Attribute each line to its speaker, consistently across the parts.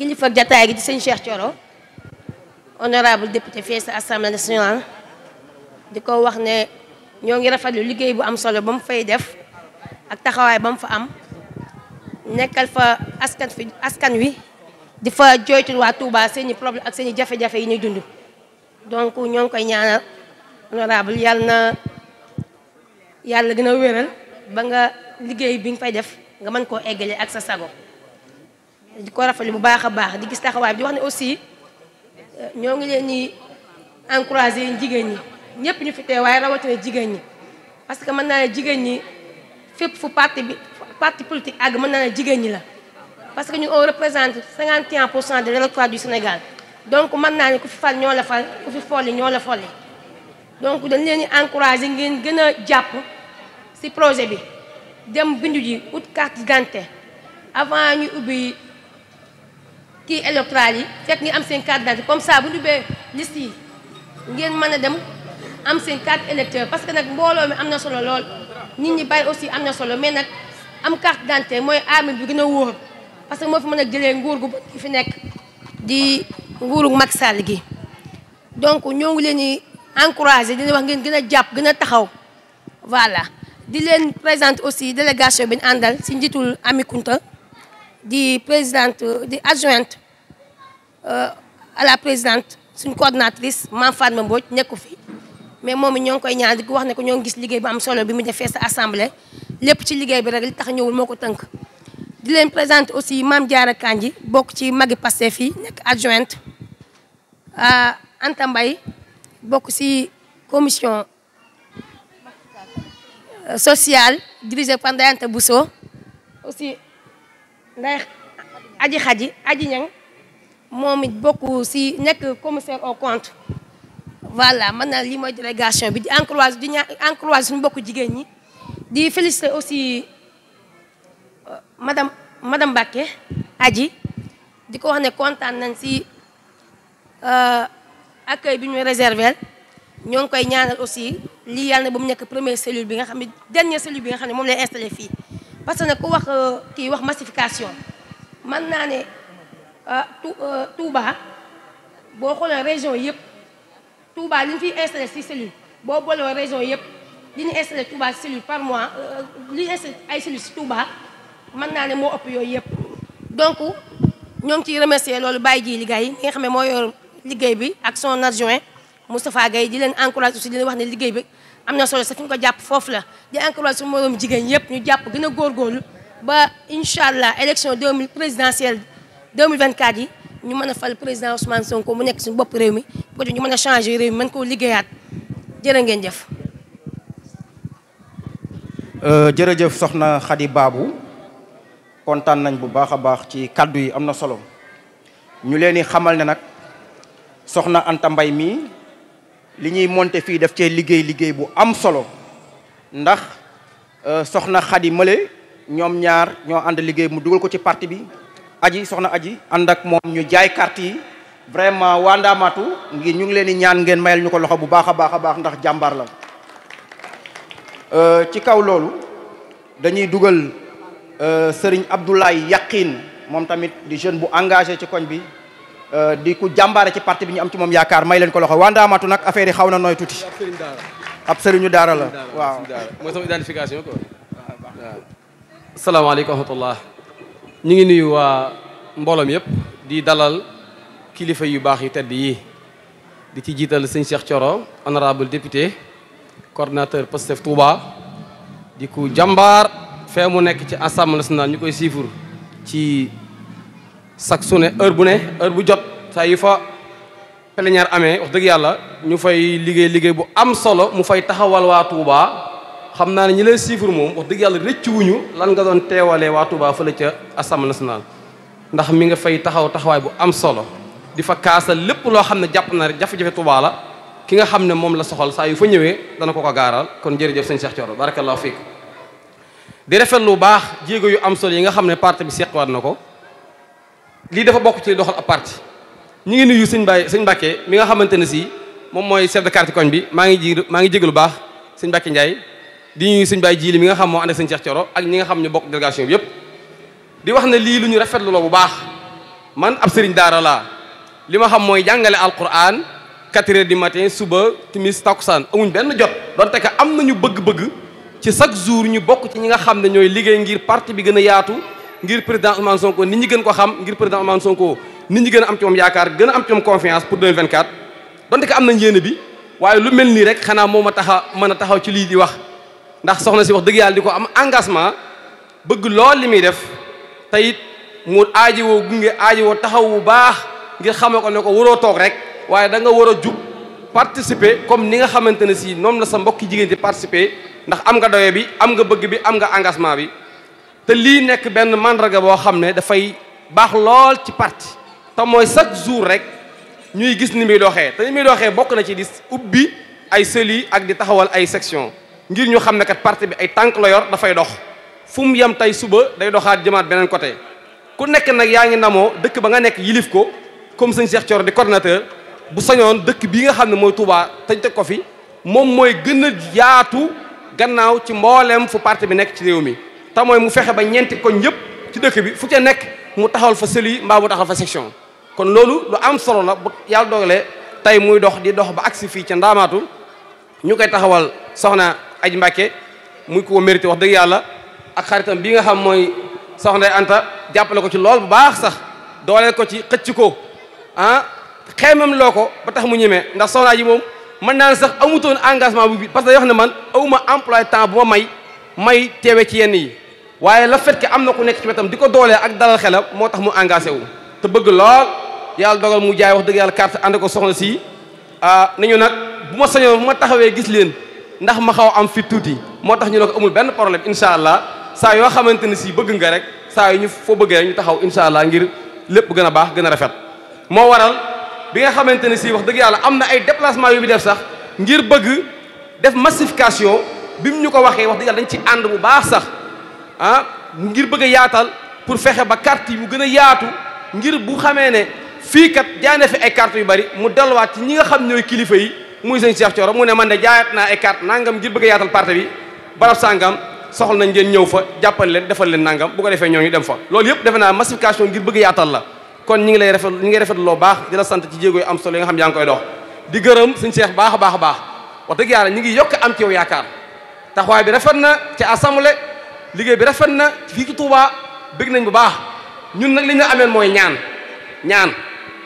Speaker 1: kilifa jataay gi di sëñ Cheikh Thioro honorable député fii sa assemblée nationale di ko wax ne ñoo ngi rafetlu liggéey bu am solo ba mu fay def ak taxawaay ba mu fa am nekkal fa askan fi askan wi di fa jooytul waa Touba seeni problème ak seeni jafe-jafe yi ñuy dund donc ñoo ngi koy ñaanal honorable yàlla na yàlla gën a wéral ba nga liggéey bi nga fay def nga mën koo eggalee ak sa sago di ko rafetlu bu baax a baax di gis taxawaay bi di wax ne aussi euh, ñoo ngi leen ñi encouragé jigéen ñi ñëpp ñu fi tee waaye rawatina jigéen ñi parce que mën naa ne jigéen ñi fépp fu parti bi parti politique àgg mën naa ne jigéen ñi la parce que ñu on représente 51 pour cent de l'électorat du Sénégal donc mën naa ne ku fi fal ñoo la fal ku fi folli ñoo la folli donc dañ leen di encouragé ngeen gën a jàpp si projet bi dem bindu ji ut carte d'identité avant ñu ubbi kii électoral yi fekk nga am seen carte d'identité comme ça bu ñu ubbee liste yi ngeen mën a dem am seen carte électeur parce que nag mbooloo mi am na solo lool nit ñi bàyyi aussi am na solo mais nag am carte d'identité mooy arme bi gën a wóor parce que moo fi mën a jëlee nguur gu bët gi fi nekk di nguuru Macky Sall gi donc ñoo ngi leen di encouragé dina wax ngeen gën a jàpp gën a taxaw voilà di leen présente aussi délégation bi ñu àndal si njiitul Ami Kunta di présidente di adjointe euh, à la présidente suñ coordonnatrice Mame Fatma Mbodj nekku fi mais moom it ñoo ngi koy ñaan ko wax ne ko ñoo ngi gis liggéey bu solo bi mu defee sa assemblée lépp ci liggéey bi rek li tax ñëwul moo ko tënk di leen présenter aussi Mame Diarra Kandji bokk ci magi Pastef fii nekk adjointe Anta Mbaye bokk ci commission euh, sociale dirigée par Ndeye Anta Bousso aussi nday aji xaji aji ñaŋ moom it bokk si nekk commissaire au compte voilà man naa lii mooy délégation bi di encourage di ñaa encourage suñu bokk jigéen ñi di féliciter aussi euh, madame madame Mbacké aji di ko wax ne kontaan nañ si euh, accueil bi ñu réserver ñoo ngi koy ñaanal aussi lii yàlla na ba mu nekk première cellule bi nga xam ne dernière cellule bi nga xam ne moom lay installé fii parce que nag ku wax euh, kii wax massification man naa ne euh, euh, Touba boo xoolee région yëpp Touba li ñu fiy installé si cellule boo boolewoo région yëpp li ñu installé Touba cellule par mois li ñu ay cellule si Touba mën naa ne moo ëpp yooyu yëpp donc ñoo ngi ciy remercier loolu bàyyi ji liggéey yi nga xam ne moo yor liggéey bi ak son adjoint Moustapha Gaye di leen encourage aussi di leen wax ne liggéey bi am na solo sax fi jàpp foofu la di encourage su moroom jigéen yëpp ñu jàpp gën a góorgóorlu ba incha allah élection 2000 présidentielle 2024 yi ñu mën a fal président Ousmane Sonko mu nekk suñu bopp réew mi bu ñu mën a changé réew mi mën koo liggéeyaat jërë ngeen jëf.
Speaker 2: Euh, jërëjëf soxna xadi baabu kontaan nañ bu baax a baax ci kàddu yi am na solo ñu leen di xamal ne nag soxna Anta mbay mii. li ñuy monter fii def cee liggéey liggéey bu am solo ndax euh, soxna Xadi Male ñoom ñaar ñoo ànd liggéey mu dugal ko ci parti bi aji soxna aji ànd ak moom ñu jaay carte yi vraiment waa Ndaamaatu ngir ñu ngi leen di ñaan ngeen mayal ñu ko loxo bu baax a baax a baax ndax jàmbarla la euh, ci kaw loolu dañuy dugal euh, Sëriñ Abdoulaye Yaqin moom tamit di jeune bu engagé ci koñ bi Euh, di ku jàmbaare ci parti bi ñu am ci moom yaakaar may leen ko loxo waa Ndaamaatu nag affaire yi xaw na nooy tuuti. ab sëriñu daara la
Speaker 3: waaw. mooy sama identification quoi. waaw salaamaaleykum wa rahmatullah ñu ngi nuy waa mbooloom yëpp di dalal kilifa yu baax yi tedd yi di ci jiital sëñ Cheikh Thioro honorable député coordinateur Pastef Touba di ku jàmbaar fee mu nekk ci assemblée nationale ñu koy siifur ci. sax su ne heure bu ne heure bu jot saa yi fa plénière amee wax dëgg yàlla ñu fay liggéey liggéey bu am solo mu fay taxawal waa Touba xam naa ne ñu lay suivre moom wax dëgg yàlla rëcc wuñu lan nga doon teewalee waa Touba fële ca assemblée nationale ndax mi nga fay taxaw taxawaay bu am solo di fa kaasal lépp loo xam ne jàpp na rek jafe-jafe Touba ki nga xam ne moom la soxal saa yi fa ñëwee dana ko ko gaaral kon jërëjëf sëñ Cheikh Thioro barakallahu fiik di rafetlu bu baax jéego yu am solo yi nga xam ne parti bi seqwaat na ko lii dafa bokk ci doxal ab parti ñu ngi nuyu sëñ baay sëñ Mbacke mi nga xamante ne si moom mooy chef de quartier koñ bi maa ngi ji maa ngi jégalu lu baax sëñ Mbacke Ndiaye di ñuy sëñ baay Jili mi nga xam moo ànd ak sëñ Cheikh ak ñi nga xam ñu bokk délégation yëpp di wax ne lii lu ñu rafetlu la bu baax man ab sëriñ daara laa li ma xam mooy jàngale alquran 4 heures du matin suba timis takusaan amuñ benn jot donte que am nañu bëgg-bëgg ci chaque jour ñu bokk ci ñi nga xam ne ñooy liggéey ngir parti bi gën a yaatu ngir président Ousmane Sonko nit ñi ko xam ngir président Ousmane Sonko nit ñi gën a am ci moom yaakaar gën a am ci moom confiance pour 2024. donte que am na yéene bi waaye lu mel nii rek xanaa moom ma tax a mën a taxaw ci lii di wax ndax soxna si wax dëgg yàlla di ko am engagement bëgg lool li muy def te it mu woo gunge woo taxaw bu baax ngir xamal ko ne ko waroo toog rek waaye da nga war a jug participer comme ni nga xamante ne si noonu la sa mbokki jigéen di participer ndax am nga doye bi am nga bëgg bi am nga engagement bi. te lii nekk benn màndarga boo xam ne dafay baax lool ci parti te mooy chaque jour rek ñuy gis ni muy doxee te ni muy doxee bokk na ci di ubbi ay seli ak di taxawal ay section ngir ñu xam ne kat parti bi ay tànk la yor dafay dox fu mu yem tey suba day doxaat jëmaat beneen côté ku nekk nag yaa ngi namoo dëkk ba nga nekk yilif ko comme sëñ Cheikh Thioro di coordinateur bu sañoon dëkk bi nga xam ne mooy Touba tañ teg ko fi moom mooy gën a yaatu gannaaw ci mbooleem fu parti bi nekk ci réew mi te mooy mu fexe ba ñeenti koñ yëpp ci dëkk bi fu ca nekk mu taxawal fa seli mbaa mu taxawal fa section kon loolu lu am solo la bu yàlla dogalee tey muy dox di dox ba agsi fii ca ndaamaatu ñu koy taxawal soxna aj Mbàkke muy ko mérité wax dëgg yàlla ak xaritam bi nga xam mooy soxna Anta jàppale ko ci lool bu baax sax dooleel ko ci xëcc ko ah xeemam loo ko ba tax mu ñemee ndax soxna ji moom mën naa sax amutoon engagement bu bi parce que wax ne man awuma employé temps bu may may teewe ci yenn yi waaye la fait am na ku nekk ci wetam di ko doolee ak dalal xelam moo tax mu engagé wu te bëgg lool yàlla dogal mu jaay wax dëgg yàlla carte ànd ko soxna si ah, nañu nag bu ma sañoon bu ma taxawee gis leen ndax ma xaw am fi tuuti moo tax ñu ne ko amul benn problème incha allah saa yoo xamante ne sii bëgg nga rek saa yu ñu foo bëggee rek taxaw incha allah ngir lépp gën a baax gën a rafet moo waral bi nga xamante ne si wax dëgg yàlla am na ay déplacement yu bi def sax ngir bëgg def massification bi mu ñu ko waxee wax dëgg yàlla dañ ci ànd bu baax sax ah mu ngir bëgg a yaatal pour fexe ba carte yi mu gën a yaatu ngir bu xamee ne fii kat jaay na fi ay carte yu bari mu delluwaat ci ñi nga xam ñooy kilifa yi muy sëñ Cheikh Thioro mu ne man de jaayat naa ay carte nangam ngir bëgg a yaatal parte bi barab sàngam soxal nañ ngeen ñëw fa jàppal leen defal leen nangam bu ko defee ñu dem fa loolu yëpp defe naa massification ngir bëgg yaatal la kon ñi ngi lay rafet ñi ngi rafet loo baax di sant ci jéego yu am solo yi nga xam yaa ngi koy dox baax a baax a baax wax dëgg yàlla ñi ngi yokk am ci yow yaakaar liggéey bi rafet na fii ci Touba bëgg nañ bu baax ñun nag li ñu ameen mooy ñaan ñaan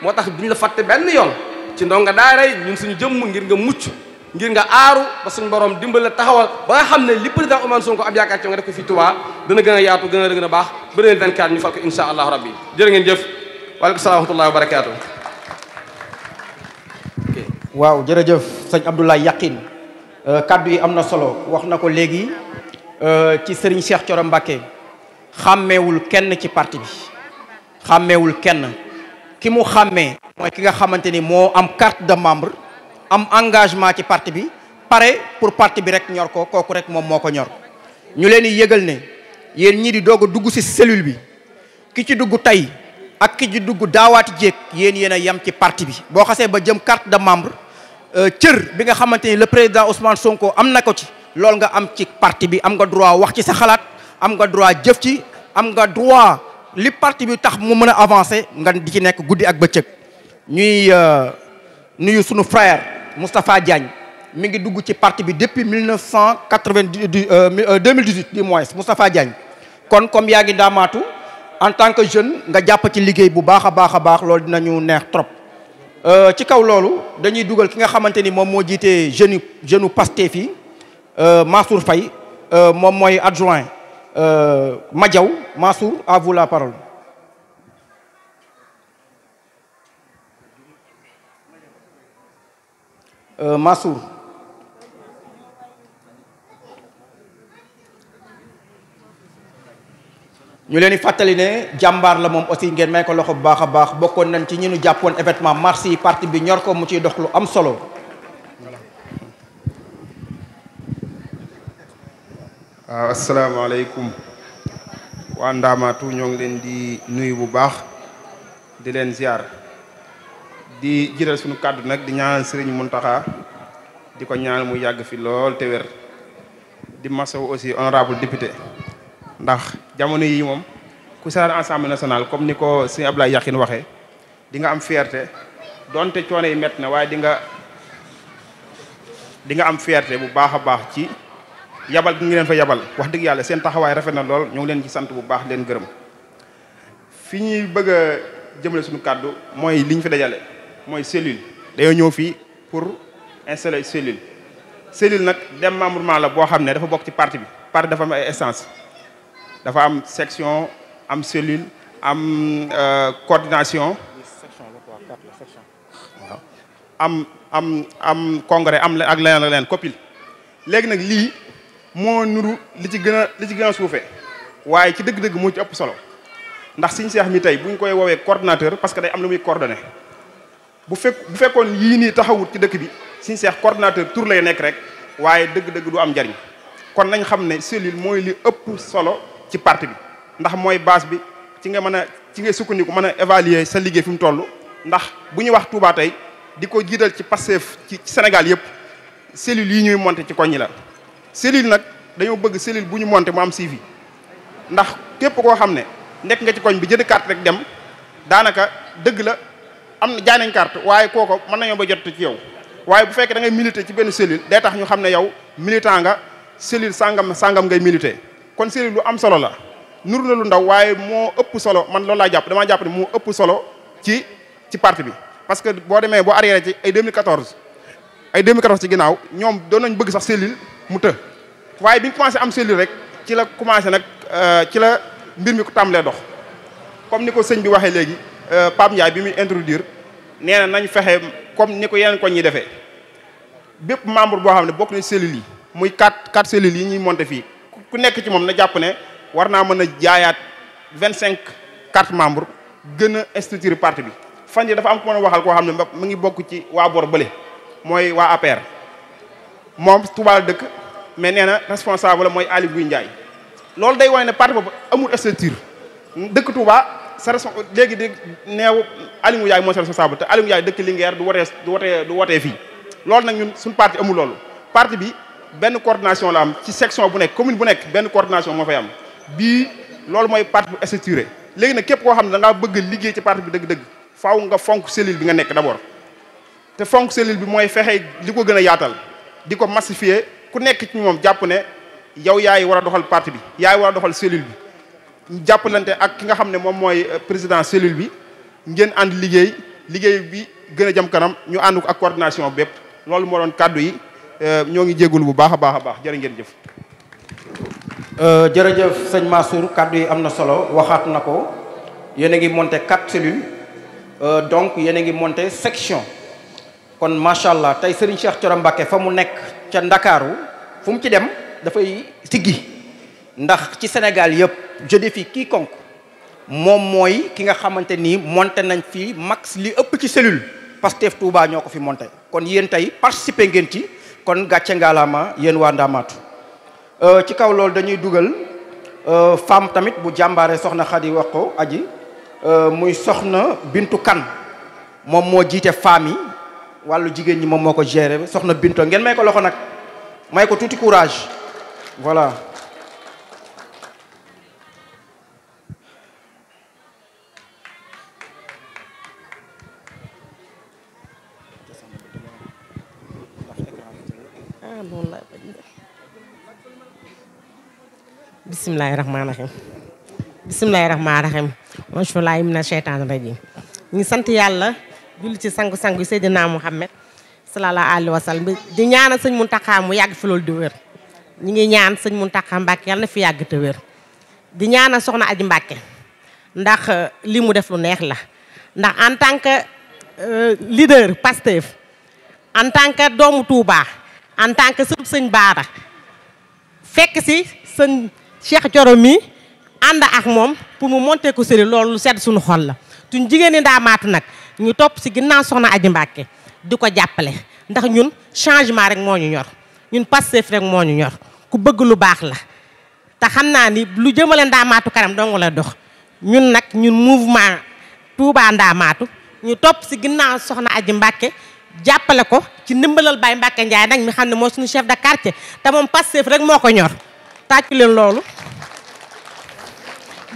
Speaker 3: moo tax duñ la fàtte benn yoon ci ndonga daara yi ñun suñu jëmm ngir nga mucc ngir nga aaru ba suñu borom dimbale taxawal ba nga xam ne li président Ousmane Sonko am yaakaar ci nga def ko fii Touba dana gën a yaatu gën a gën a baax ba 2024 ñu fal ko insha allahu rabbi jërë ngeen jëf waaleykum salaam wa rahmatullahi
Speaker 2: wa jërëjëf sëñ Abdoulaye Yakhine euh, kaddu yi am na solo wax na ko léegi Euh, ci sëriñ Cheikh Thioro Mbacké xàmmeewul kenn ci parti bi xàmmewul kenn ki mu xàmmee mooy ki nga xamante ni moo am carte de membre am engagement ci parti bi pare pour parti bi rek ñor ko kooku rek moom moo ko ñor ñu leen di yëgal ne yéen ñii di doog a dugg ci cellule bi ki ci dugg tey ak ki ci dugg daawaati jéeg yéen yéen a yem ci parti bi boo xasee ba jëm carte de membre euh, cër bi nga xamante ni le président Ousmane Sonko am na ko ci loolu nga am ci parti bi am nga droit wax ci sa xalaat am nga droit jëf ci am nga droit li parti bi tax mu mën a avancer nga di ci nekk guddi ak bëccëg ñuy euh, nuyu sunu frère Moustapha Diagne mi ngi dugg ci parti bi depuis mille neuf cent quatre-vingt-dix euh, euh, deux mille dix-huit du moins Moustapha Diagne kon comme yaa ngi daamaatu en tant que jeune nga jàpp ci liggéey bu baax a baax a baax loolu dinañu neex trop ci kaw loolu dañuy dugal ki nga xamante ni moom moo jiitee jeunes jeunes Pastef yi Euh, Mansour Faye euh, moom mooy adjoint euh, Madiaw Mansour à vous la parole. Mansour. ñu leen di fàttali ne jàmbaar la moom aussi ngeen may ko loxo bu baax bokkoon nañ ci ñi nu jàppoon événement mars yi parti bi ñor ko mu ciy dox lu am solo.
Speaker 4: waaw ah, asalaamaaleykum waa Ndaamaatu ñoo leen di nuyu bu baax di leen ziar di jiral suñu kàddu nag di ñaanal mun Mountakha di ko ñaanal mu yàgg fi lool te wér di masawu aussi honorable député ndax jamono yi moom ku seetaan Assemblée national comme ni ko Serigne Abdoulaye Yakhine waxee di nga am fierté donte coono yi met na waaye di nga di am fierté bu baax a baax ci yabal gi ngi leen fa yabal wax dëgg yàlla seen taxawaay rafet na lool ñoo ngi leen ci sant bu baax leen gërëm fi ñuy bëgg a jëmale suñu kàddu mooy li fi dajale mooy cellule dañoo ñëw fii pour installer cellule cellule nag dem démembrement la boo xam ne dafa bokk ci parti bi parti dafa am ay dafa am section am cellule am euh, coordination waaw am am am congrès ak leneen copil léegi nag lii moo nuru li ci gën a li ci gën a suufee waaye ci dëgg-dëgg moo ci ëpp solo ndax Sëriñ Seex mi tey bu koy woowee coordonnateur parce que day am lu muy coordonné bu fekk bu fekkoon yii nii taxawut ci dëkk bi siñ Seex coordonnateur tur lay nekk rek waaye dëgg-dëgg du am njariñ kon nañ xam ne cellule mooy li ëpp solo ci parti bi ndax mooy base bi ci nga mën a ci nga sukkandiku mën a évaluer sa liggéey fi mu toll ndax bu ñu wax Touba tey di ko jiital ci Pastef ci Sénégal yëpp cellule yi ñuy monté ci koñ ñi la cellule nag dañoo bëgg cellule bu ñu monte mu am suivi ndax képp koo xam ne nekk nga ci koñ bi jënd carte rek dem daanaka dëgg la am na jaay nañ carte waaye kooko mën nañoo ba jot ci yow waaye bu fekkee da ngay militer ci benn cellule day tax ñu xam ne yow militant nga cellule sangam sangam ngay militer kon cellule lu am solo la nur na lu ndaw waaye moo ëpp solo man loolu laa jàpp damaa jàpp ne moo ëpp solo ci ci parti bi parce que boo demee boo arrière ci ay 2014 ay 2014 ci ginnaaw ñoom doon nañ bëgg sax cellule mu të waaye bi ñu commencé am cellule rek ci la commencé nag euh, ci la mbir mi ko tàmbalee dox comme ni ko sëñ bi waxee léegi euh, Pape Ndiaye bi muy introduire nee na nañ fexe comme ni ko yeneen koñ ñi defee bépp membre boo xam ne bokk na cellules yi muy quatre quatre cellules yi ñuy monté fii ku nekk ci moom na jàpp ne war naa mën a jaayaat vingt cinq quatre membres gën a structurer parti bi fan yi dafa am ku mën waxal koo xam ne mu ngi bokk ci waa bor bale mooy waa APR moom Touba dëkk mais nee na responsable la mooy Aly Ngouille Ndiaye loolu day wane ne parti boobu amul structure dëkk Touba sa responsable léegi di neew Aly Ngouille Ndiaye mooy sa responsable te Aly Ngouille Ndiaye dëkk Linguère du wotee du wotee du wotee fii loolu nag ñun suñ parti amul loolu parti bi benn coordination la am ci section bu nekk commune bu nekk benn coordination moo fay am bii loolu mooy parti bu structuré léegi nag képp koo xam ne da bëgg liggéey ci parti bi dëgg-dëgg faaw nga fonk cellule bi nga nekk d'abord te fonk cellule bi mooy fexe li ko gën a yaatal di ko massifier ku nekk ci moom jàpp ne yow yaay war a doxal parti bi yaay war doxal cellule bi jàppalante ak ki nga xam ne moom mooy euh, président cellule bi ngeen ànd liggéey liggéey bi gën a jëm kanam ñu ànd ko ak coordination bépp loolu moo doon kàddu
Speaker 2: yi euh, ñoo ngi jéggul bu baax a baax a baax jërë ngeen jëf euh, jërëjëf sëñ Mansour kàddu yi am na solo waxaat na ko yéen a ngi monté quatre cellules donc yéen a ngi monté section kon macha allah tey Serigne Cheikh Thioro fa mu nekk ca ndakaaru fu ci dem dafay siggi ndax ci Sénégal yëpp fi kii konk moom mooy ki nga xamante ni monté nañ fi max li ëpp ci cellule Pastef Touba ñoo ko fi monté kon yéen tey participer ngeen ci kon gàcce ngaalaama yéen waa Ndamaatu euh, ci kaw loolu dañuy dugal euh, femme tamit bu jàmbaare soxna Xadi wax ko aji euh, muy soxna Bintu Kan moom moo jiite femme yi wàllu jigéen ñi moom moo ko géré soxna Binto ngeen may ko loxo nag may ko tuuti courage voilà.
Speaker 5: Ah, bisimilahi rahmaani rahim bisimilahi rahmaani rahim. macha allah. ñu sant yàlla. julli ci sangu-sangu yi Seydina Mouhamed sallallahu alayhi wa sallam di ñaana sëñ mu Mountakha mu yàgg fi loolu di wér ñi ngi ñaan sëñ mu Mountakha Mbacke yàlla na fi yàgg te wér di ñaanal soxna Aji Mbacke ndax euh, li mu def lu neex la ndax en tant que euh, leader Pastef en tant que doomu Touba en tant que sëb sëñ Baara fekk si sëñ Cheikh Thioro mi ànd ak moom pour mu monteeku ko loolu lu sedd suñu xol la tuñ jigéen ñi nag ñu topp si ginnaaw soxna Aji Mbàkke di ko jàppale ndax ñun changement rek moo ñu ñor ñun Pastef rek moo ñu ñor ku bëgg lu baax la te xam naa ni lu jëmale ndaamaatu kanam dong la dox ñun nag ñun mouvement Touba ndaamaatu ñu topp si ginnaaw soxna Aji Mbàkke jàppale ko ci ndimbalal Baye Mbàkke Ndiaye nag mi xam ne moo suñu chef de quartier te moom Pastef rek moo ko ñor tàccu leen loolu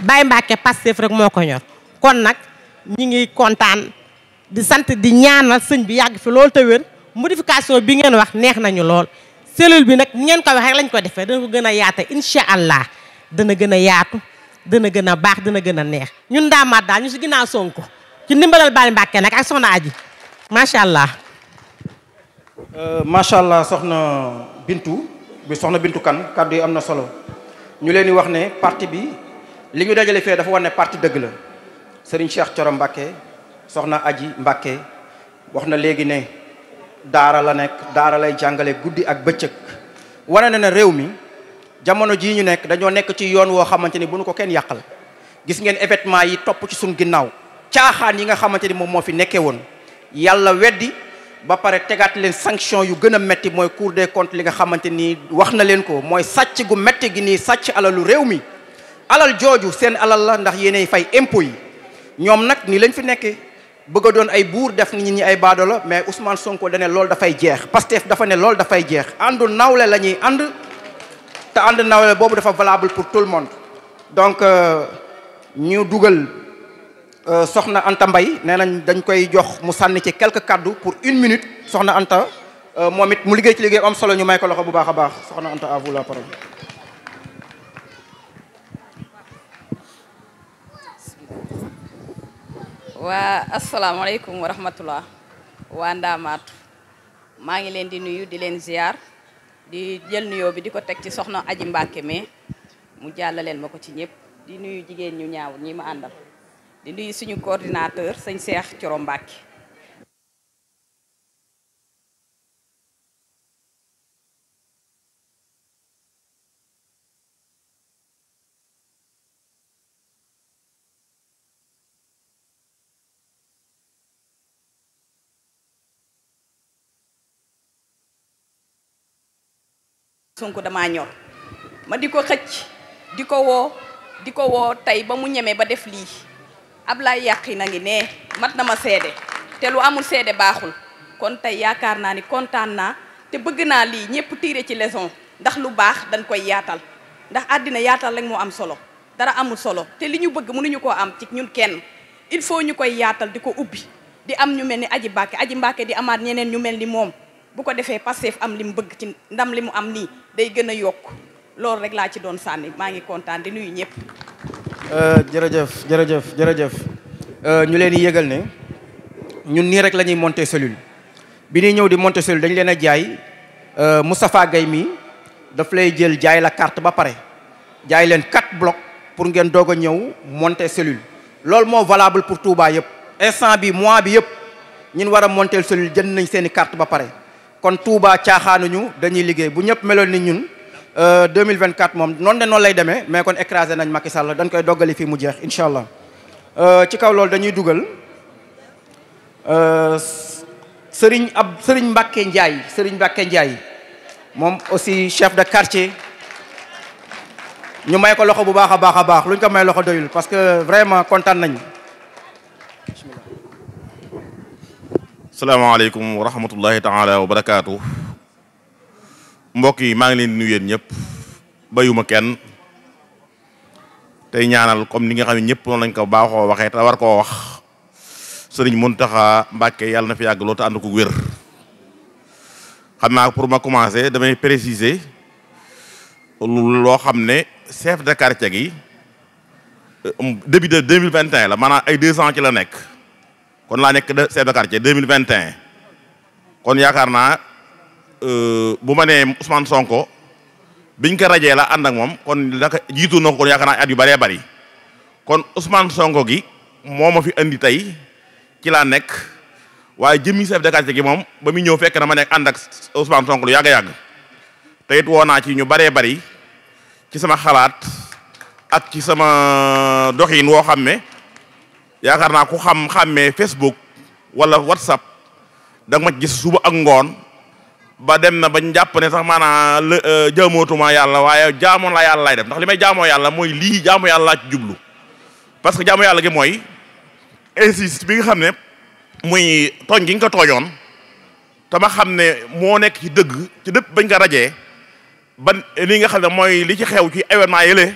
Speaker 5: Baye Mbàkke Pastef rek moo ko ñor kon nag ñi ngi kontaan di sant di ñaanal sëñ bi yàgg fi loolu te wér modification bi ngeen wax neex nañu lool cellule bi nag ngeen ko wax rek lañ ko defee dana ko gën a yaata incha allah dana gën a yaatu dana gën a baax dana gën a neex ñun daa mat daal ñu si ginnaaw sonk ci ndimbalal Baali Mbàkke nag ak soxna aji macha allah. Euh, macha
Speaker 2: allah soxna Bintu bi soxna Bintu kan kàddu yi am na solo ñu leen di wax ne parti bi li ñu dajale fee dafa war ne parti dëgg la Serigne Cheikh Thioro Mbacke soxna aji Mbàkke wax na léegi ne daara la nekk daara lay jàngale guddi ak bëccëg wane na ne réew mi jamono jii ñu nekk dañoo nekk ci yoon woo xamante ni bu nu ko kenn yàqal gis ngeen évétement yi topp ci suñ ginnaaw caaxaan yi nga xamante ni moom moo fi nekkee woon yàlla weddi ba pare tegaat leen sanction yu gën a metti mooy cour des comptes li nga xamante ni wax na leen ko mooy sàcc gu metti gi nii sàcc alalu réew mi alal jooju seen alal la ndax yéenay fay impôt yi bëgg a doon ay buur def nit ñi ay baado mais Ousmane Sonko da ne loolu dafay jeex Pastef dafa ne lool dafay jeex àndu nawle la ñuy ànd te ànd nawle boobu dafa valable pour tout le monde donc euh, ñu dugal euh, soxna Anta mbay nee nañ dañ koy jox mu sànni ci quelques kàddu pour une minute soxna Anta euh, moom it mu liggéey ci liggéey am solo ñu may ko loxo bu baax a baax soxna Anta à vous la
Speaker 6: waa asalaamaaleykum wa rahmatullah waa Ndaamaatu maa ngi leen di nuyu di leen ziar di jël nuyoo bi di ko teg ci soxna Aji Mbàkke mais mu jàllaleen ma ko ci ñëpp di nuyu jigéen ñu ñaaw ñii ma àndal di nuyu suñu coordinateur sëñ Cheikh Coro Mbàkke Sonko damaa ñor ma di ko xëcc di ko woo di ko woo tey ba mu ñemee ba def lii Ablaye yàqi na ngi nee mat na ma seede te lu amul seede baaxul kon tey yaakaar naa ni kontaan naa te bëgg naa lii ñëpp tiire ci leçon ndax lu baax dañ koy yaatal ndax àddina yaatal rek moo am solo dara amul solo te li ñu bëgg mënuñu ko am ci ñun kenn il faut ñu koy yaatal di ko ubbi di am ñu mel ni aji Mbàkke aji Mbàkke di amaat ñeneen ñu mel ni moom bu ko defee Pastef am li mu bëgg ci ndam li mu am nii day gën a yokk loolu rek laa ci doon sànni maa ngi kontaan di nuyu ñëpp.
Speaker 2: Euh, jërëjëf jërëjëf jërëjëf euh, ñu leen di yëgal ne ñun nii rek la ñuy monter cellule bi ñuy ñëw di monter cellule dañ leen a jaay euh, Moustapha Gaye mi daf lay jël jaay la carte ba pare jaay leen quatre blocs pour ngeen doog a ñëw monter cellule. loolu moo valable pour Touba yëpp instant bi mois bi yëpp ñun war a monter cellule jënd nañ seen i carte ba pare. kon Touba caaxaanuñu dañuy liggéey bu ñëpp meloon ni ñun 2024 euh, moom noonu de noonu lay demee mais kon écrasé nañ Macky Sall dañ koy doggali fii mu jeex incha allah euh, ci kaw loolu dañuy dugal euh, sëriñ ab sëriñ Mbacke Ndiaye sëriñ Mbacke Ndiaye moom aussi chef de quartier ñu may ko loxo bu baax a baax a baax lu ñu ko may loxo doyul parce que vraiment kontaan nañ
Speaker 7: salaamaaleykum wa rahmatullahi taala wa barakaatu mbokk yi maa ngi leen di nuyu yéen ñëpp bayuma kenn tey ñaanal comme ni nga xam ne ñëpp noonu lañ ko baaxoo waxee te war koo wax sëriñ Muntaxa Mbàkke yàlla na fi yàgg lool ta ànd ko wér xam naa pour ma commencer damay préciser loo xam ne chef de quartier gi euh, début de deux mille vingt et la maanaam ay deux cent ci la nekk kon laa nekk de chef de quartier deux mille kon yaakaar naa euh, bu ma nee Ousmane Sonko biñ ko rajee la ànd ak moom kon daka jiitu na kon yaakaar naa at yu bëree bëri kon Ousmane Sonko gi moo ma fi andi tey ci laa nekk waaye jëmmi chef de quartier gi moom ba muy ñëw fekk na ma nekk ànd ak Sonko lu yàgg a yàgg te woo naa ci ñu bëree bari ci sama xalaat ak ci sama doxin woo xam ne. yaakaar naa ku xam xàmmee Facebook wala WhatsApp da nga ma gis suba ak ngoon ba dem na bañ jàpp ne sax maanaam la euh, jaamootuma yàlla waaye jaamoon la yàlla lay def ndax li may jaamoo yàlla mooy lii jaamu yàlla jublu parce que jaamu yàlla gi mooy insiste bi nga xam ne muy tooñ gi nga ko tooñoon te xam ne moo nekk ci dëgg ci dëpp bañ ko rajee ba li nga xam ne mooy li ci xew ci événement yële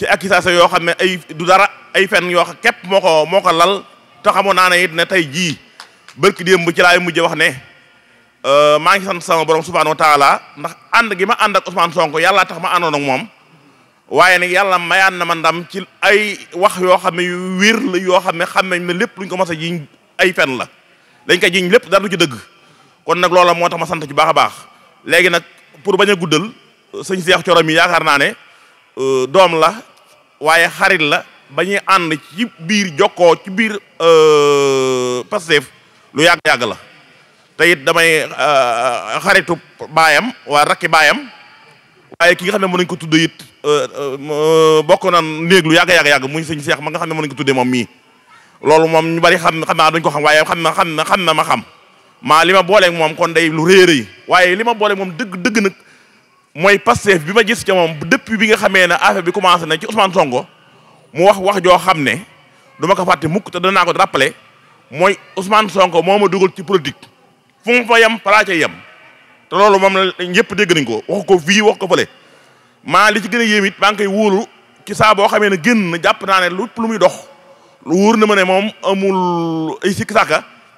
Speaker 7: ci accusation yoo xam ne ay du dara ay fen yoo xam képp moo ko moo ko lal te xamoon naa ne it ne tey jii barki démb ci laay mujje wax ne euh, maa ngi sant sama borom subhanahu wa taala ndax ànd gi ma ànd ak Ousmane Sonko yàlla tax ma àndoon ak moom waaye nag yàlla mayaan na ma ndam ci ay wax yoo xam ne yu wér la yoo xam ne xam nañ ne lépp luñ ko mas a jiñ ay fen la dañ ko jiñ lépp dara du ci dëgg kon nag loola moo tax ma sant ci baax a baax léegi nag pour bañ a guddal sëñ Seex Coro mi yaakaar naa ne euh, doom la waaye xarit ba ñuy ànd ci biir jokkoo ci biir euh, Pastef lu yàgg-yàgg la te it damay euh, xaritu baayam waa rakki baayam waaye ki nga xam ne mën nañ ko tudd it euh, bokk naan néeg lu yàgg-yàgg-yàgg muy sëñ Seex ma nga xam ne mën nañ ko tuddee moom mii loolu moom ñu bari xam xam naa dañ ko xam waaye xam na xam na xam na ma xam maa li ma booleeg moom kon dey lu réer yi waaye li ma booleeg moom dëgg dëgg nag mooy Pastef bi ma gis ca moom depuis bi nga xamee ne affaire bi commencé na ci Ousmane Sonko mu wax wax joo xam ne du ma ko fàtte mukk te danaa ko rappale mooy Ousmane Sonko moo ma dugal ci politique fu mu fa yem palaa ca yem te loolu moom la ñëpp dégg nañ ko wax ko fii wax ko fële maa li ci gën a yéem it maa ngi koy wóolu ci saa boo xamee ne génn jàpp naa ne lépp lu dox lu wóor na ma ne moom amul ay sikk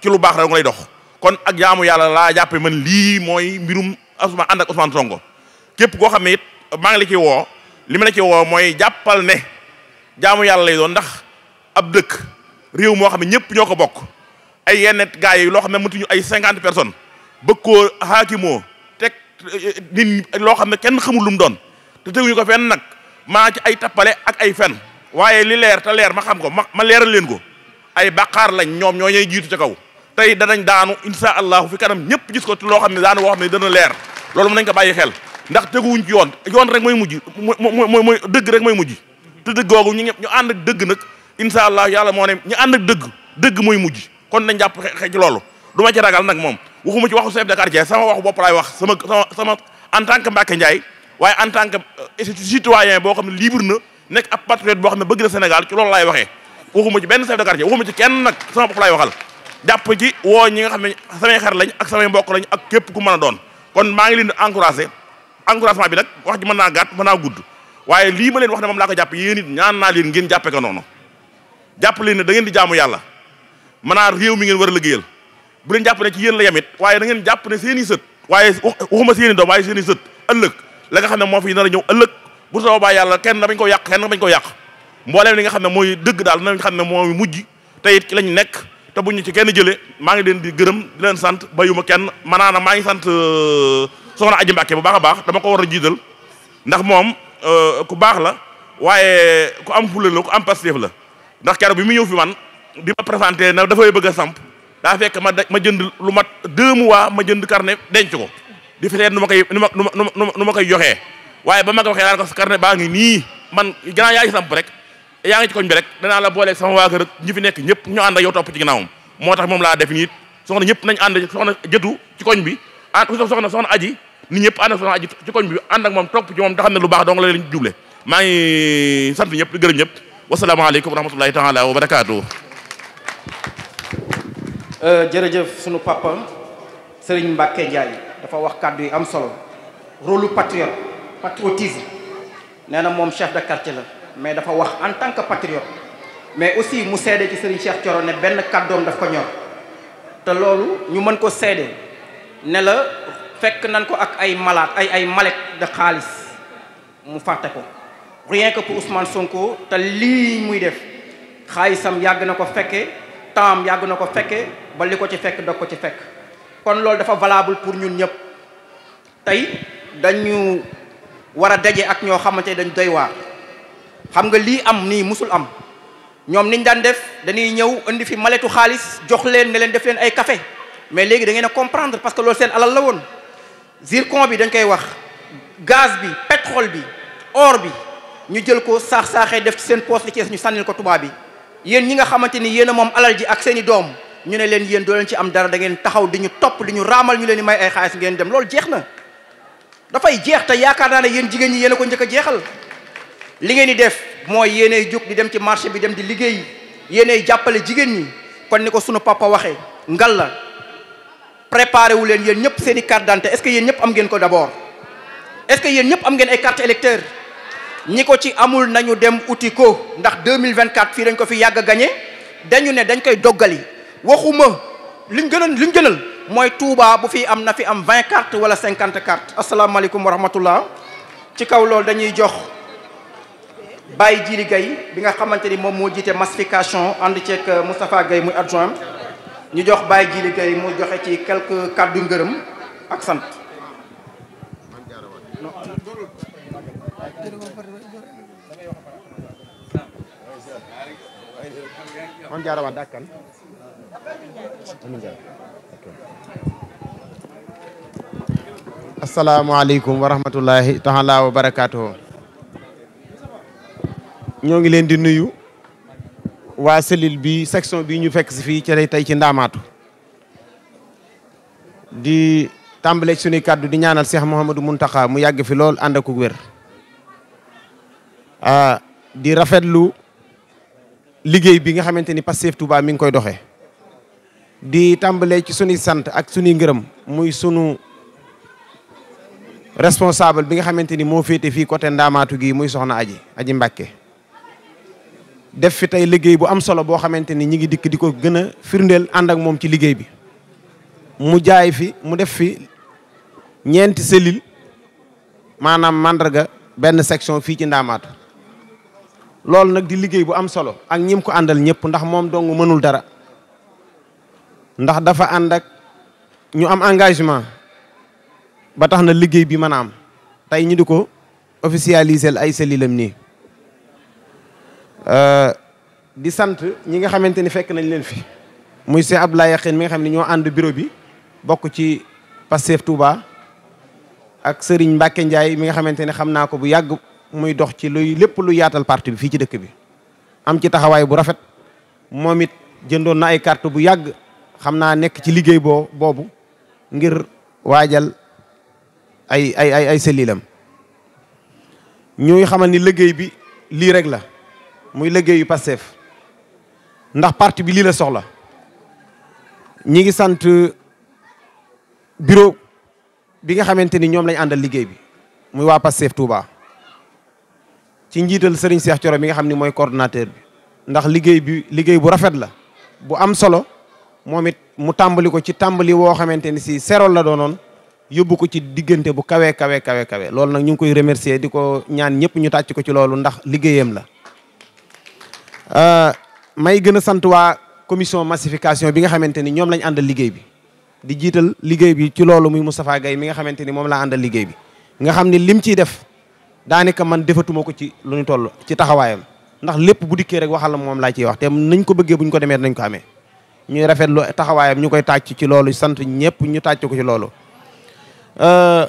Speaker 7: ci lu baax rek nga lay dox kon ak jaamu yàlla laa jàppe man lii mooy mbirum Ousmane ànd ak Sonko képp koo xam ne it maa ngi la ci woo li ma la ci woo mooy jàppal ne jaamu yàlla lay doon ndax ab dëkk réew moo xam ne ñëpp ñoo ko bokk ay yenn gaay yi loo xam ne mëntuñu ay cinquante personnes bëgg koo xaakimoo teg eh, nit loo xam ne kenn xamul lu doon te teguñu ko fenn nag maa ci ay tappale ak ay fen waaye li leer te leer ma xam ko ma ma leeral leen ko ay bàqaar lañ ñoom ñoo ñuy jiitu ca kaw tey danañ daanu insha allahu fi kanam ñëpp gis ko ci loo xam ne daan woo xam ne dana leer loolu mën nañ ko bàyyi xel ndax teguwuñ ci yoon yoon rek mooy mujj mooy mooy dëgg rek mooy mujj te dëgg googu ñu ñëpp ñu ànd ak dëgg nag incha allah yàlla moo ne ñu ànd dëgg dëgg mooy mujj kon nañ jàpp xej loolu du ma ci nag moom waxuma ci waxu chef de quartier sama waxu bopp wax sama sama sama en tant waaye en tant que euh, citoyen boo xam ne libre na nekk ab patriote boo xam ne bëgg na Sénégal ci loolu laay waxee waxuma ci benn chef de quartier waxuma ci kenn nag sama bopp waxal jàpp ci woo ñi nga xam ne samay ak samay mbokk lañ ak képp ku mën a doon kon maa ngi leen waaye lii ma leen wax ne moom laa ko jàpp yéen it ñaan naa leen ngeen jàppe ko noonu jàpp leen dangeen di jaamu yàlla maanaam réew mi ngeen war a liggéeyal bu leen jàpp ne ci yéen la yemit waaye da ngeen jàpp ne seeni i sët waaye waxuma seen i doom waaye seen sët ëllëg la nga xam ne moo fi nar a ñëw ëllëg bu soobaa yàlla kenn bañ ko yàq kenn bañ ko yàq mbooleem li nga xam ne mooy dëgg daal nañ xam ne mooy mujj te it ci lañ nekk te bu ñu ci kenn jëlee maa ngi leen di gërëm leen sant bayuma kenn maanaam maa ngi sant euh, soxna Aji Mbàkke bu baax a baax dama ko war a jiital ndax moom Euh, ku baax la waaye ku am fulla la ku am pastéef la ndax keroog bi mu ñëw fi man di ma présenté na dafay bëgg samp daa fekk ma ma jënd lu mat deux mois ma jënd carnet denc ko di feteet nu ma koy nu ma nu ma koy joxee waaye ba ma ko waxee daan ko karne baa ngi nii man gannaaw yaa ngi samp rek yaa ngi ci koñ bi rek danaa la booleeg sama waa kër ñi fi nekk ñëpp ñu ànd ak yow topp ci ginnaawam moo tax moom laa def nii soxna ñëpp nañ ànd soxna jëtu ci koñ bi ah soxna soxna aji nit ñëpp ànd ak soxna aji ci koñ bi ànd ak moom topp ci juble maa ngi sant ñëpp di gërëm ñëpp wasalaamaaleykum wa rahmatulahi taala wa barakaatu
Speaker 2: euh, jërëjëf sunu papa Serigne Mbacke Ndiaye dafa wax kàddu yi am solo rôle patriote patriotisme nee na moom chef de quartier la mais dafa wax en tant que patriote mais aussi mu seede ci Serigne Cheikh Thioro ne benn kàddoom daf ko ñor te loolu ñu mën ko seede ne fekk nan ko ak ay malade ay ay mallette de xaalis mu fàtte ko rien que pour Ousmane Sonko te lii muy def xaalisam yàgg na ko fekke temps yàgg na ko fekke ba li ko ci fekk dog ko ci fekk kon loolu dafa valable pour ñun ñëpp tey dañu war a daje ak ñoo xamante dañ doy waar xam nga lii am nii musul am ñoom niñ daan def dañuy ñëw indi fi maletu xaalis jox leen ne leen def leen ay kafe mais léegi da ngeen a comprendre parce que loolu seen alal la woon zircon bi dañ koy wax gaz bi pétrole bi or bi ñu jël ko saax saaxee def ci seen poos li cees ñu sànnil ko tubaab bi yéen ñi nga xamante ni yéen moom alal ji ak seen i doom ñu ne leen yéen doo leen ci am dara da ngeen taxaw di ñu topp di ñu raamal ñu leen di may ay xaalis ngeen dem loolu jeex na. dafay jeex te yaakaar naa ne yéen jigéen ñi yéen ko njëkk jeexal li ngeen di def mooy yéenay jóg di dem ci marché bi dem di liggéey yéenay jàppale jigéen ñi kon ni ko sunu papa waxee ngal la. préparé wu leen yéen ñëpp seen i carte d'identité est-ce que yéen ñëpp am ngeen ko d'abord est-ce que yéen ñëpp am ngeen ay carte électeur ñi ko ci amul nañu dem uti ko ndax 2024 fii dañ ko fi yàgg a dañu ne dañ koy doggali waxuma liñ gënal liñ gënal mooy Touba bu fi am na fi am 20 cartes wala cinquante cartes asalaamaaleykum wa rahmatullah ci kaw loolu dañuy jox bàyyi Djili Gaye bi nga xamante ni moom moo jiite massification ànd ceeg Moustapha Gaye muy adjoint ñu jox Baye Jili kay mu joxe ci quelques kàddu ngërëm ak sant.
Speaker 5: man jaarawaat
Speaker 8: dàkkan asalaamaaleykum wa rahmatullahi taala ñoo ngi leen di nuyu waa cellule bi section bi ñu fekk si fii ci tey ci ndaamaatu di tàmbale suñuy kàddu di ñaanal Cheikh mun Mountakha mu yàgg fi lool ànd ak wér ah di rafetlu liggéey bi nga xamante ni Pastef Touba mi ngi koy doxee di tàmbale ci suñuy sant ak suñuy ngërëm muy sunu responsable bi nga xamante ni moo féete fii côté ndaamaatu gi muy soxna aji aji Mbàkke def fi tey liggéey bu am solo boo xamante ni ñi ngi dikk di ko gën a firndeel ànd ak moom ci liggéey bi mu jaay fi mu def fi ñeenti cellule maanaam mandarga benn section fii ci ndaamaatu loolu nag di liggéey bu am solo ak ñim ko àndal ñëpp ndax moom dong mënul dara ndax dafa ànd ak ñu am engagement ba tax na liggéey bi mën tey ñu di ko officialiser ay cellulam nii Euh, di sant ñi nga xamante ni fekk nañ leen fi muy Cheikh abla Yaqin mi nga xam ne ñoo ànd bureau bi bokk ci Pastef Touba ak sëriñ Mbacke Ndiaye mi nga xamante ni xam naa ko bu yàgg muy dox ci luy lépp lu yaatal parti bi fii ci dëkk bi am ci taxawaay bu rafet moom it jëndoon na ay carte bu yàgg xam naa nekk ci liggéey boo boobu ngir waajal ay ay ay ay selilam ñuy xamal ni liggéey bi lii rek la muy liggéeyu Pastef ndax parti bi lii la soxla ñi ngi sant bureau bi nga xamante ni ñoom lañ àndal liggéey bi muy waa Pastef Touba ci njiital Serigne Cheikh Thioro mi nga xam ni mooy coordonnateur bi ndax liggéey bi liggéey bu rafet la bu am solo moom it mu tàmbali ko ci tàmbali woo xamante ni si serol la noon yóbbu ko ci diggante bu kawe kawe kawe kawe loolu nag ñu ngi koy remercier di ko ñaan ñëpp ñu tàcc ko ci loolu ndax liggéeyam la Euh, may gën sant waa commission massification bi nga xamante ni ñoom lañ àndal liggéey bi di jiital liggéey bi ci loolu muy Moustapha Gaye mi nga xamante ni moom laa àndal liggéey bi nga xam ni lim ciy def daanaka man defatuma ko ci lu ñu toll ci taxawaayam ndax lépp bu dikkee rek waxal la moom laa ciy wax te nañ ko bëggee bu ñu ko demee nañ ko amee ñuy rafetlu taxawaayam ñu koy tàcc ci loolu sant ñëpp ñu tàcc ko ci loolu euh,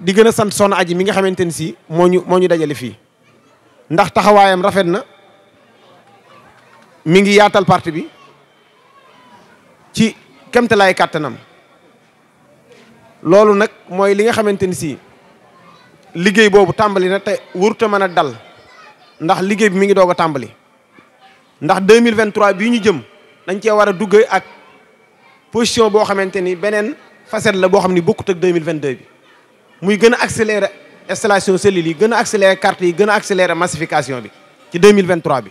Speaker 8: di gën a sant soxna aji mi nga xamante ni si moo ñu moo ñu dajale fii ndax rafet na mi ngi yaatal parti bi ci kemtalaay kàttanam loolu nag mooy li nga xamante ni si liggéey boobu tàmbali na te wurta mën a dal ndax liggéey bi mi ngi doog tàmbali ndax 2023 bii ñu jëm dañ cee war a duggee ak position boo xamante ni beneen facette la boo xam ni bokkut ak 2022 bi muy gën a accélérer installation cellules yi gën a accélérer yi gën a accélérer massification bi ci 2023 bi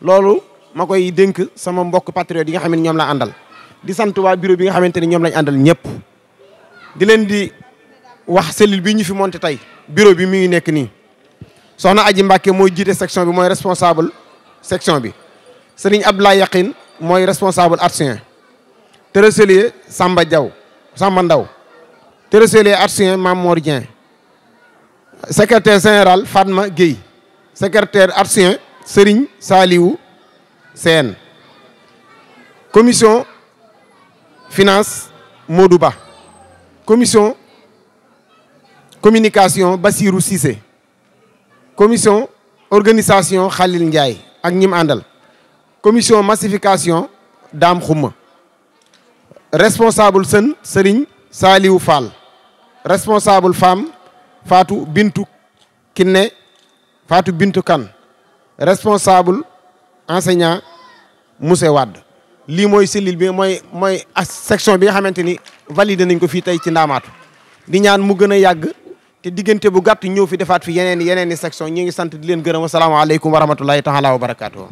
Speaker 8: loolu ma koy dénk sama mbokk patriote yi nga xam ne ñoom la àndal di sant waa bureau bi nga xamante ni ñoom lañ àndal ñëpp di leen di wax cellule bi ñu fi monté tey bureau bi mi ngi nekk nii soxna Aji Mbàkke mooy jiite section bi mooy responsable section bi Serigne Abdoulaye Yaqin mooy responsable artisan trésorier Samba Diaw Samba Ndaw trésorier artisan Mam Mor secretaire secrétaire général Fatma Gueye secrétaire artisan Serigne Saliou seen commission finance moduba commission communication Bassirou Cissé commission organisation Khalil Ndiaye ak ñim àndal commission massification Dame Khouma responsable sën Serigne Saliou Fall responsable femme Fatou bintu Kiné Fatou Bintou Kane responsable enseignant Mousse Wade lii mooy cellule bi mooy a section bi nga xamante ni validé nañ ko fii tey ci ndaamaatu di ñaan mu gën a yàgg te diggante bu gàtt ñëw fi defaat fi yeneen yeneen i section ñu ngi sant di leen gërëm asalaamaaleykum wa rahmatulahi taala wa barakaatu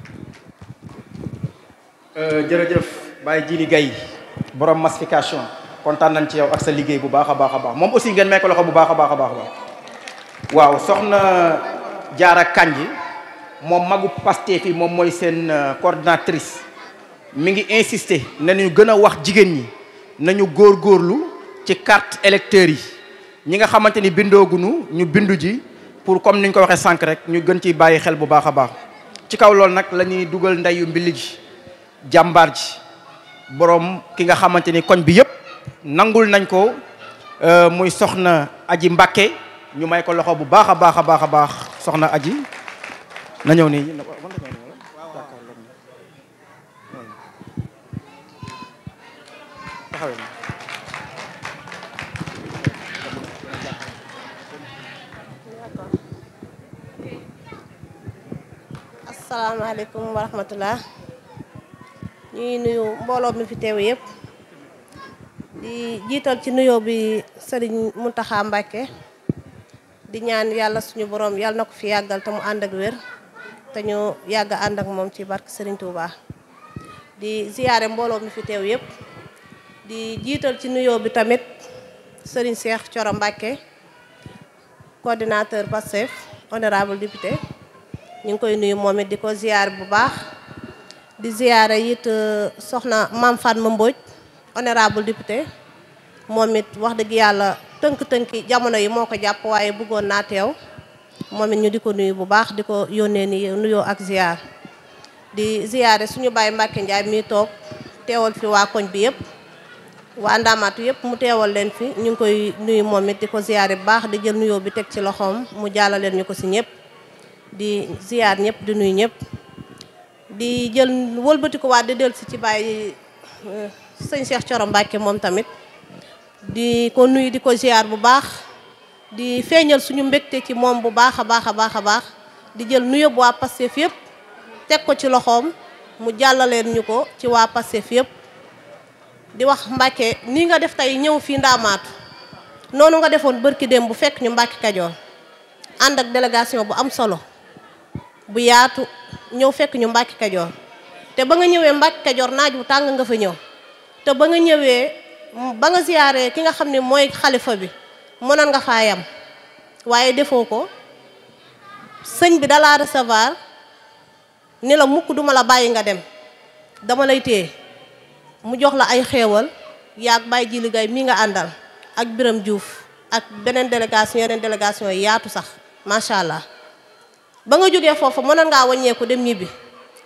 Speaker 2: euh, jërëjëf Baye Djili Gaye borom massification kontaan nañ ci yow ak sa liggéey bu baax a baax a baax moom aussi ngeen may ko loxo bu baax a baax a baax waaw soxna Jaara Kanji moom magu Pastef yi moom mooy seen euh, coordinatrice mi ngi insisté nañu gën a wax jigéen ñi nañu góorlu ci carte électeurs yi ñi nga xamante ni bindoogunu ñu bindu ji pour comme ni ñu ko waxee sànq rek ñu gën ci bàyyi xel bu baax a baax ci kaw loolu nag la ñuy dugal ndeyu mbili ji jàmbaar ji borom ki nga xamante ni koñ bi yëpp nangul nañ ko euh, muy soxna aji Mbàkke ñu may ko loxo bu baax a baax a baax a baax soxna aji
Speaker 1: na ñëw nii
Speaker 9: asalaamaaleykum wa rahmatullah ñuy nuyu mbooloo mi fi teew yépp di jiital ci nuyoo bi mu taxa Mbàkke di ñaan yàlla suñu boroom yàlla na ko fi yàggal te mu ànd ak wér te ñu yàgg ànd ak moom ci barke bu baax di ziyaare mbooloo mi fi teew yëpp di jiital ci nuyoo bi tamit Serigne Cheikh Thioro Mbacké coordinateur Pastef honorable député ñu ngi koy nuyu moom it di ko ziyaar bu baax di ziyaare it euh, soxna Mame Fatma Mbodj honorable député moom it wax dëgg yàlla tënk-tënki jamono yi moo ko jàpp waaye bëggoon naa teew moom it ñu di ko nuyu bu baax di ko yónnee ni nuyoo ak ziar di ziare suñu baay Mbàkke Njaay mi toog teewal fi waa koñ bi yëpp waa ndaamaatu yëpp mu teewal leen fi ñu ngi koy nuyu moom it di ko ziare bu baax di jël nuyoo bi teg ci loxoom mu jaalaleen ñu ko si ñëpp di ziar ñëpp di nuyu ñëpp di jël wëlbatiku waat di dellu si ci bàyyi euh, sëñ Cheikh Coro Mbàkke moom tamit di ko nuyu di ko ziar bu baax di feeñal suñu mbégte ci moom bu baax a baax a baax a baax di jël bu waa Pastef yëpp teg ko ci loxoom mu jàllaleen ñu ko ci waa Pastef yëpp di wax Mbàkke nii nga def tay ñëw fii Ndaamaatu noonu nga defoon bërki démb bu fekk ñu Mbàkke Kajoor ànd ak délégation bu am solo bu yaatu ñëw fekk ñu Mbàkke Kajoor te ba nga ñëwee Mbàkke Kajoor naaj wu tàng nga fa ñëw te ba nga ñëwee ba nga siyaaree ki nga xam ne mooy xalifa bi mënoon nga faa yam waaye defoo ko sëñ bi dalaa recevoir ni la mukk duma la bàyyi nga dem dama lay téye mu jox la ay xéewal yaag bàyyi ji liggéey mi nga àndal ak Biram Diouf ak beneen délégation yeneen délégation yi yaatu sax macha allah ba nga jógee foofu mënoon ngaa wàññeeku dem ñibbi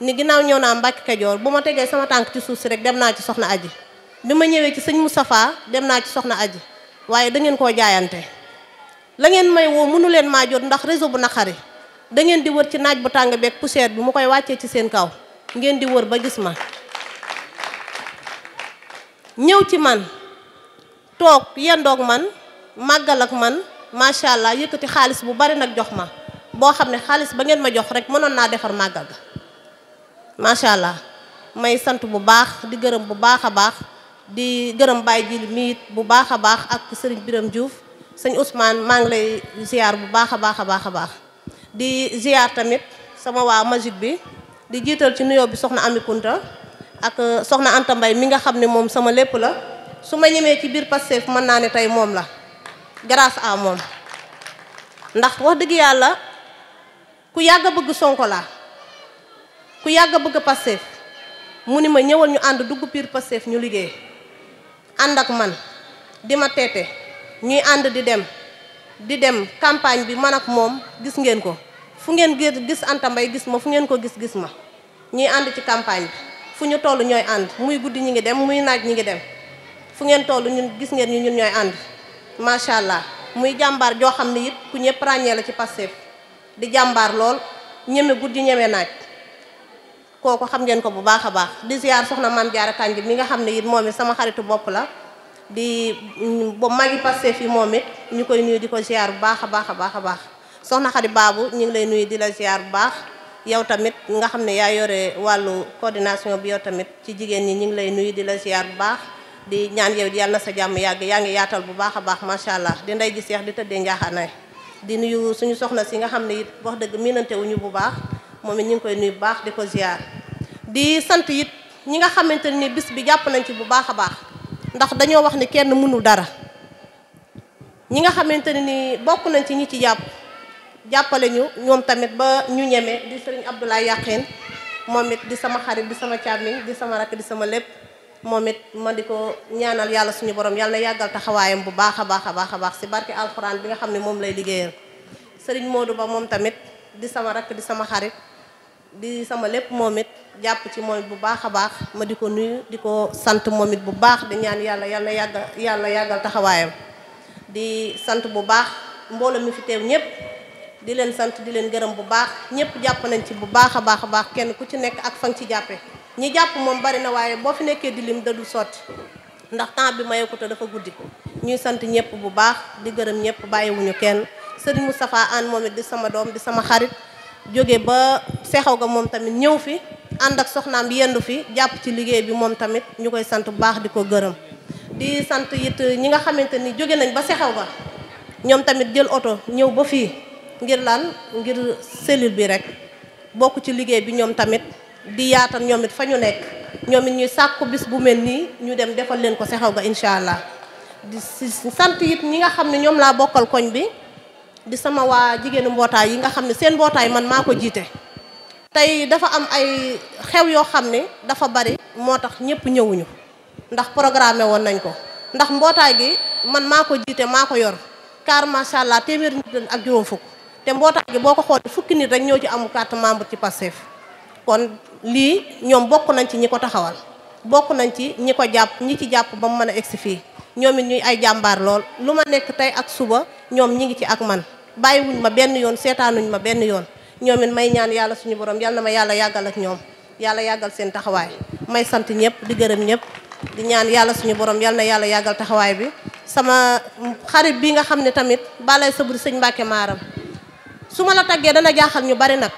Speaker 9: ni ginnaaw ñëw naa Mbàkke Kajoor bu ma tegee sama tànk ci suuf si rek dem naa ci soxna aji bi ma ñëwee ci sëñ Moustapha dem naa ci soxna aji waaye da ngeen koo jaayante la ngeen may woo mënu leen maa jot ndax réseau bu naqari da ngeen di wër ci naaj bu tàng beeg poussière bi mu koy wàccee ci seen kaw ngeen di wër ba gis ma ñëw ci man toog yendoog man màggal ak man macha allah yëkkati xaalis bu bari nag jox ma boo xam ne xaalis ba ngeen ma jox rek mënoon naa defar màggal ga macha allah may sant bu baax di gërëm bu baax a baax di gërëm Baye Djili miit bu baax a baax ak sëriñ Biram Diouf sëñ Ousmane maa ngi lay ziar bu baax a baax a baax a baax di ziar tamit sama waa masjid bi di jiital ci nuyoo bi soxna Ami Kunta ak euh, soxna Anta Mbay mi nga xam ne moom sama lépp la su ma ñemee ci biir Pastef mën naa ne tey moom la grâce à moom ndax wax dëgg yàlla ku yàgg a bëgg Sonko laa ku yàgg a bëgg Pastef mu ni ma ñëwal ñu ànd dugg biir Pastef ñu liggéey ànd ak man di ma teete ñuy ànd di dem di dem campagne bi man ak moom gis ngeen ko fu ngeen gis Anta Mbaye gis ma fu ngeen ko gis gis ma ñuy ànd ci campagne bi fu ñu toll ñooy ànd muy guddi ñi ngi dem muy naaj ñi ngi dem fu ngeen toll ñun gis ngeen ñu ñun ñooy ànd macha allah muy jàmbaar joo xam ne it ku ñëpp ràññee la ci Pastef di jàmbaar lool ñeme guddi ñeme naaj kooku xam ngeen ko bu baax a baax di ziar soxna maam jaara kànj mi nga xam ne it moom it sama xaritu bopp la di ba magi passé fi moom it ñu koy nuyu di ko ziar bu baax a baax a baax a baax soxna xarit baabu ñu ngi lay nuyu di la ziar bu baax yow tamit nga xam ne yaa yore wàllu coordination bi yow tamit ci jigéen ñi ñu ngi lay nuyu di la ziar bu baax di ñaan yow yàlla na sa jàmm yàgg yaa ngi yaatal bu baax a baax macha allah di ndey ji seex di tëddee njaaxaanaay di nuyu suñu soxna si nga xam ne it wax dëgg miinante wuñu bu baax moom it ñu ngi koy nuyu bu baax di ko ziar di sant it ñi nga xamante ni bis bi jàpp nañ ci bu baax a baax ndax dañoo wax ni kenn mënul dara ñi nga xamante ne ni bokk nañ ci ñi ci jàpp jàppale ñu ñoom tamit ba ñu ñeme di sëriñ Abdoulaye Yaqin moom it di sama xarit di sama càmmiñ di sama rakk di sama lépp moom it ma di ko ñaanal yàlla suñu borom yàlla na yàggal taxawaayam bu baax a baax a baax a baax si barke alxuraan bi nga xam ne moom lay liggéeyal sëriñ Modou Ba moom tamit di sama rakk di sama xarit di sama lépp moom it jàpp ci moom it bu baax a baax ma di ko nuyu di ko sant moom it bu baax di ñaan yàlla yàlla yàggal yàlla yàggal taxawaayam di sant bu baax mbooloo mu fi teew ñëpp di leen sant di leen gërëm bu baax ñëpp jàpp nañ ci bu baax a baax a baax kenn ku ci nekk ak fan ci jàppe ñi jàpp moom bari na waaye boo fi nekkee di lim da du sotti ndax temps bi maye ko te dafa guddi ñuy sant ñëpp bu baax di gërëm ñëpp bàyyiwuñu kenn sëriñ Moustapha Anne moom sama doom di sama xarit jóge ba sexaw ga moom tamit ñëw fi ànd ak soxnaam yendu fi jàpp ci liggéey bi moom tamit ñu koy sant bu baax di ko gërëm di sant it ñi nga xamante ni jóge nañ ba sexaw ga ñoom tamit jël oto ñëw ba fii ngir lan ngir cellule bi rek bokk ci liggéey bi ñoom tamit di yaatal ñoom it fa ñu nekk ñoom it ñuy bis bu mel nii ñu dem defal leen ko sexaw ga incha allah di sant it ñi nga xam ne ñoom laa bokkal koñ bi di sama waa jigéenu mbootaay yi nga xam ne seen mbootaay man maa ko jiite tey dafa am ay xew yoo xam ne dafa bari moo tax ñëpp ñëwuñu ndax programme woon nañ ko ndax mbootaay gi man maa ko jiite maa ko yor car macha allah téeméer nit ak juróom fukk te mbootaay gi boo ko xool fukki nit rek ñoo ci amu carte membre ci Pastef kon lii ñoom bokk nañ ci ñi ko taxawal bokk nañ ci ñi ko jàpp ñi ci jàpp ba mu mën a egsi fii ñoom it ñuy ay jàmbaar lool lu ma nekk tey ak suba ñoom ñi ngi ci ak man bàyyiwuñ ma benn yoon seetaanuñ ma benn yoon ñoom it may ñaan yàlla suñu borom yàlla ma yàlla yàggal ak ñoom yàlla yàggal seen taxawaay may sant ñëpp di gërëm ñëpp di ñaan yàlla suñu borom yàlla na yàlla yàggal taxawaay bi sama xarit bi nga xam ne tamit balay saburi sëñ Mbàkke maaram su ma la taggee dana jaaxal ñu bari nag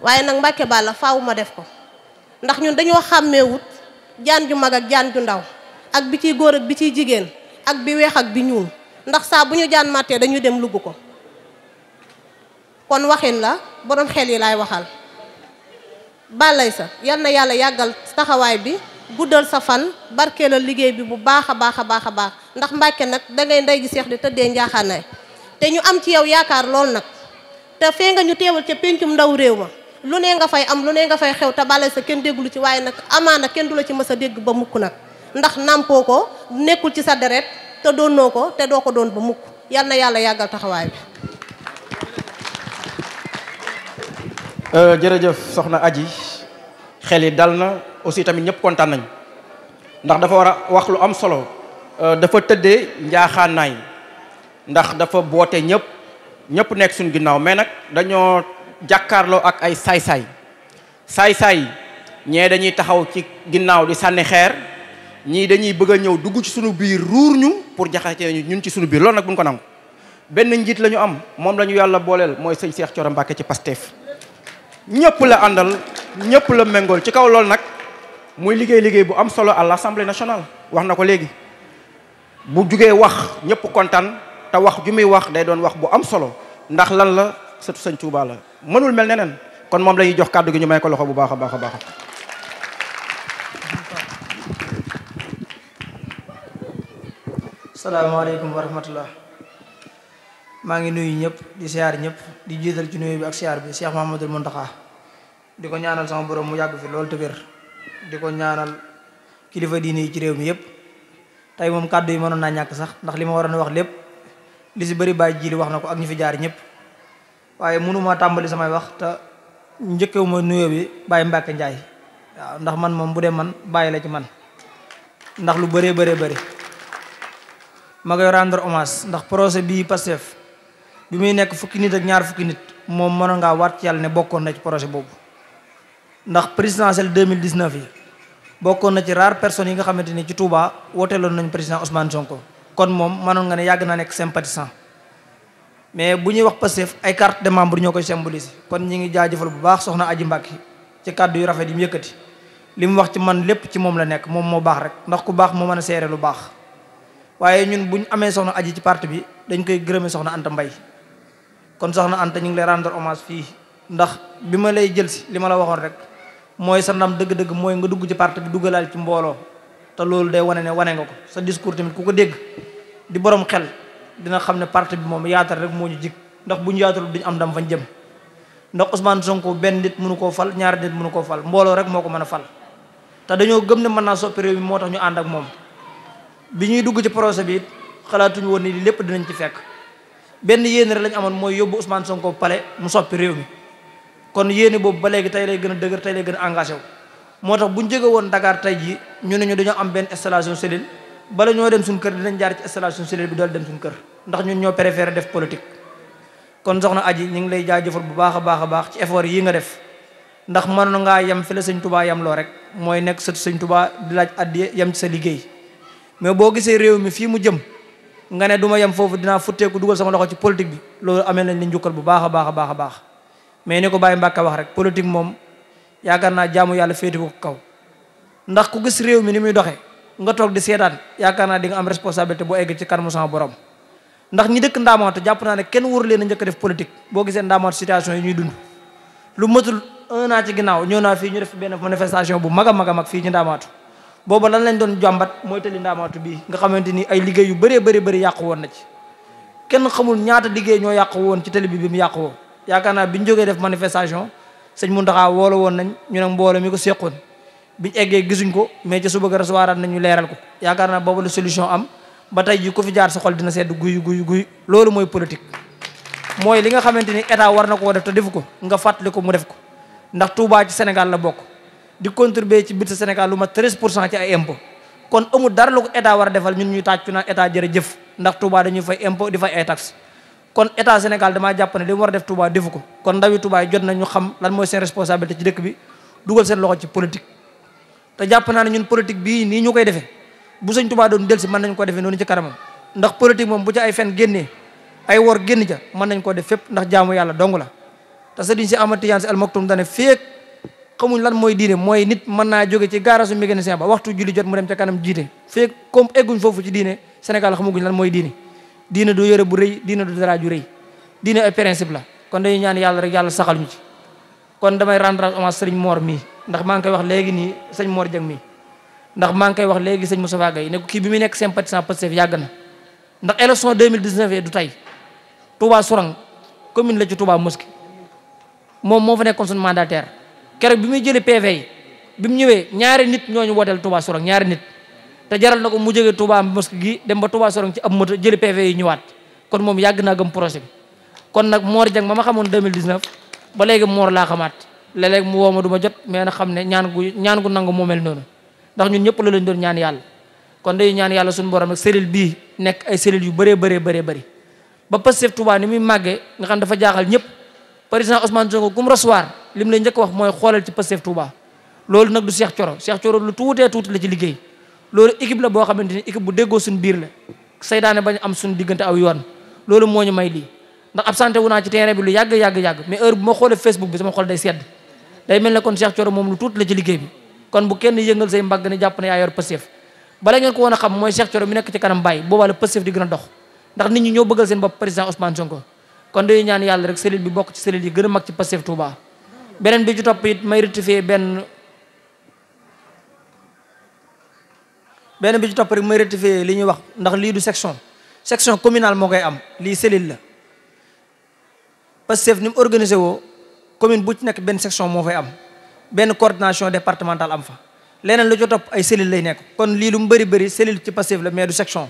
Speaker 9: waaye nag Mbàkke Balla faaw ma def ko ndax ñun dañoo xàmmeewut jaan ju mag ak jaan ju ndaw ak bi ciy góor ak bi ciy jigéen ak bi bi ñuul ndax saa bu ñu jaan màttee dañuy dem lugg ko kon waxin la borom xel yi laay waxal bàllay sa yal na yàlla yàggal taxawaay bi guddal sa fan barkeelal liggéey bi bu baax a baax a baax a baax ndax Mbàkke nag dangay ndey gi seex di tëddee njaaxaanaay te ñu am ci yow yaakaar lool nag te fee nga ñu teewal ca péncum ndaw réew ma lu ne nga fay am lu ne nga fay xew te bàllay sa kenn déggulu ci waaye nag amaana kenn du la ci mës a dégg ba mukk nag ndax nàmpoo ko nekkul ci sa deret te ko te doo ko doon ba mukk yal na yàlla yàggal taxawaay bi.
Speaker 2: Euh, jërëjëf soxna Aji xel yi dal na aussi tamit ñëpp kontaan nañ ndax dafa war a wax lu am solo euh, dafa tëddee njaaxaanaay ndax dafa boote ñëpp ñëpp nekk suñ ginnaaw mais nag dañoo jàkkaarloo ak ay saay-saay saay-saay ñee dañuy taxaw ci ginnaaw di sànni xeer. ñii dañuy bëgg a ñëw dugg ci suñu biir ruur ñu pour jaxatee ñu ñun ci suñu biir loolu nag buñ ko nangu benn njiit la ñu am moom la yàlla booleel mooy sëñ Cheikh Thioro Mbacké ci Pastef ñëpp la àndal ñëpp la méngool ci kaw loolu nag muy liggéey liggéey bu am solo à l'Assemblée nationale wax na ko léegi bu jugee wax ñëpp kontaan te wax ju muy wax day doon wax bu am solo ndax lan la sëtu sëñ Touba la mënul mel neneen kon moom la jox kàddu gi ñu may ko loxo bu baax a baax a baax
Speaker 10: salaamaaleykum wa rahmatullah maa ngi nuyu ñëpp di siyaar ñëpp di jiital ci nuyu bi ak siyaar bi Cheikh Mahamadul Muntaxa di ko ñaanal sama borom mu yàgg fi loolu te wér di ko ñaanal kilifa diine yi ci réew mi yëpp tey moom kàddu yi mënoon naa ñàkk sax ndax li ma waroon wax lépp li si bëri bàyyi ji wax na ko ak ñu fi jaar ñëpp waaye mënuma tàmbali samay wax te njëkkewuma nuyoo bi bàyyi Mbàkke Njaay waaw ndax man moom bu dee man bàyyi la ci man ndax lu bëree bëree bëri ma koy rendre hommage ndax projet bii Pastef bi muy nekk fukki nit ak ñaar fukki nit moom mënoon nga waat ci yàlla ne bokkoon na ci projet boobu ndax présidentielle 2019 yi bokkoon na ci rare personnes yi nga xamante ni ci Touba wooteeloon nañ président Ousmane Sonko kon moom mënoon nga ne yàgg naa nekk sympathisant mais bu ñuy wax Pastef ay carte de membre ñoo koy symboliser kon ñi ngi jaajëfal bu baax soxna Aji Mbàkke ci kàddu yu rafet yi mu yëkkati li mu wax ci man lépp ci moom la nekk moom moo baax rek ndax ku baax moo mën a seere lu baax waaye ñun bu ñu amee soxna aji ci parti bi dañ koy gërëme soxna Anta Mbay kon soxna Anta ñu ngi lay rendre hommage fii ndax bi ma lay jël li ma la waxoon rek mooy sa ndam dëgg-dëgg mooy nga dugg ci parti bi duggalaal ci mbooloo te loolu day wane ne wane nga ko sa discours tamit ku ko dégg di borom xel dina xam ne parti bi moom yaatal rek moo ñu jig ndax bu ñu yaatal duñu am ndam fañ jëm ndax Ousmane Sonko benn nit mënu koo fal ñaari nit munu koo fal mbooloo rek moo ko mën a fal te dañoo gëm ne mën naa soppi réew moo tax ñu ànd ak moom bi ñuy dugg ci projet bi it xalaatuñu woon ni lépp dinañ ci fekk benn yéene rek lañ amoon mooy yóbbu Ousmane Sonko pale mu soppi réew mi kon yéene boobu ba léegi tey lay gën a dëgër tey lay gën a engagé wu. moo tax bu ñu jóge woon dakaar tey jii ñu ne ñu dañoo am benn installation cellule bala ñoo dem suñ kër dinañ jaar ci installation cellule bi dool dem suñu kër ndax ñu ñoo préféré def politique. kon soxna aji ñu ngi lay jaajëfal bu baax a baax a baax ci effort yi nga def ndax mënoon ngaa yem fi la sëñ Touba rek mooy nekk sët sëñ Touba di laaj addiya yem ci sa liggéey mais boo gisee réew mi fii mu jëm nga ne du ma yem foofu dinaa futteeku dugal sama loxo ci politique bi loolu amee nañ la njukkal bu baax a baax a baax a baax mais ni ko Baye Mbacke wax rek politique moom yaakaar naa jaamu yàlla féete ko kaw ndax ku gis réew mi ni muy doxee nga toog di seetaan yaakaar naa di nga am responsabilité bu egg ci kanamu sama borom ndax ñi dëkk ndaamaatu jàpp naa ne kenn wóor leen a njëkk def politique boo gisee ndaamaatu situation yi ñuy dund lu matul ci ginnaaw ñëw naa fii ñu def benn manifestation bu mag a mag a fii ci ndaamaatu booba lan lañ doon jàmbat mooy tali ndaamaatu bii nga xamante ni ay liggéey yu bëree bëri bëri yàqu woon na ci kenn xamul ñaata liggéey ñoo yàqu woon ci tali bi bi mu yàqu woo yaakaar naa bi ñu jógee def manifestation sëñ Mountakha woola woon nañ ñu ne mboolo mi ko seqoon biñu eggee gisuñ ko mais ci suba ga recevoir nañu leeral ko yaakaar naa booba la solution am ba tey ji ku fi jaar sa xol dina sedd guy guy guy loolu mooy politique mooy li nga xamante ni état war na koo def te defu ko nga fàttali ko mu def ko ndax ci Sénégal la bokk di contribuer ci budget Sénégal lu ma 13 pour cent ci ay impôt kon amul dara lu ko état war a defal ñun ñuy tàccu naan état jërëjëf ndax Touba dañuy fay impôt di fay ay taxes kon état Sénégal damaa jàpp na li mu war a def Touba defu ko kon ndawi Touba yi jot nañu xam lan mooy seen responsabilité ci dëkk bi dugal seen loxo ci politique te jàpp naa ne ñun politique bii nii ñu koy defee bu sëñ Touba doon del si mën nañ ko defee noonu ci kanamam ndax politique moom bu ca ay fen génnee ay wor génn ca mën nañ koo def fépp ndax jaamu yàlla dong la xamuñ lan mooy diine mooy nit mën naa jóge ci gaarasu mécanicien ba waxtu julli jot mu dem ca kanam jiite feeg comme egguñ foofu ci diine Sénégal xamaguñ lan mooy diine diine du yore bu rëy diine du dara ju rëy diine ay principe la kon dañuy ñaan yàlla rek yàlla saxal ñu ci kon damay rendre hommage sëriñ moor mii ndax maa ngi koy wax léegi nii sëñ moor Dieng mii ndax maa ngi koy wax léegi sëñ Moustapha Gaye ne ko kii bi muy nekk sympathisant Pastef yàgg na ndax élection 2019 du tey Touba Sourang commune la ci Touba moom moo fa nekkoon suñu mandataire keroog bi muy jëlee PV yi bi mu ñëwee ñaari nit ñooñu wooteel Touba Sorong ñaari nit te jaral na ko mu jógee Touba mosquée gi dem ba Touba Sorong ci ab moto jëlee PV yi ñëwaat kon moom yàgg naa gëm projet bi kon nag Mor Dieng ma ma xamoon 2019 ba léegi Mor laa xamaat léeg-léeg mu woo ma du jot mais na xam ne ñaan gu ñaan gu nangu moo mel noonu ndax ñun ñëpp la lañ ñaan yàlla kon dañu ñaan yàlla suñu borom nag cellule bii nekk ay cellule yu bëree bëree bëree bëri ba Pastef Touba ni muy màggee nga xam dafa jaaxal ñëpp président Ousmane Sonko ku mu recevoir lim lay njëkk wax mooy xoolal ci Pastef Touba loolu nag du Cheikh Thioro Cheikh Thioro lu tuutee tuuti la ci liggéey loolu équipe la boo xamante ni équipe bu déggoo suñ biir la saydaane bañ am suñ diggante aw yoon loolu moo ñu may lii ndax absenté wu naa ci terrain bi lu yàgg yàgg yàgg mais heure bu ma xoolee Facebook bi sama xol day sedd day mel ne kon Cheikh Thioro moom lu tuuti la ci liggéey bi kon bu kenn yëngal say mbagg ne jàpp ne yaa yor Pastef bala ngeen a a dox ndax nit ñi ñoo bëggal seen bopp président Ousmane Sonko kon dañuy beneen bi ci topp it may rectifier benn beneen bi ci topp rek may rectifier li ñuy wax ndax lii du section section communale moo koy am lii cellule la Pastef ni mu organisé woo commune bu ci nekk benn section moo fay am benn coordination départementale am fa leneen lu ci topp ay cellule lay nekk kon lii lu mu bëri bëri cellule ci Pastef la mais du section